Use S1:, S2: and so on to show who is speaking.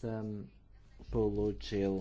S1: съм получил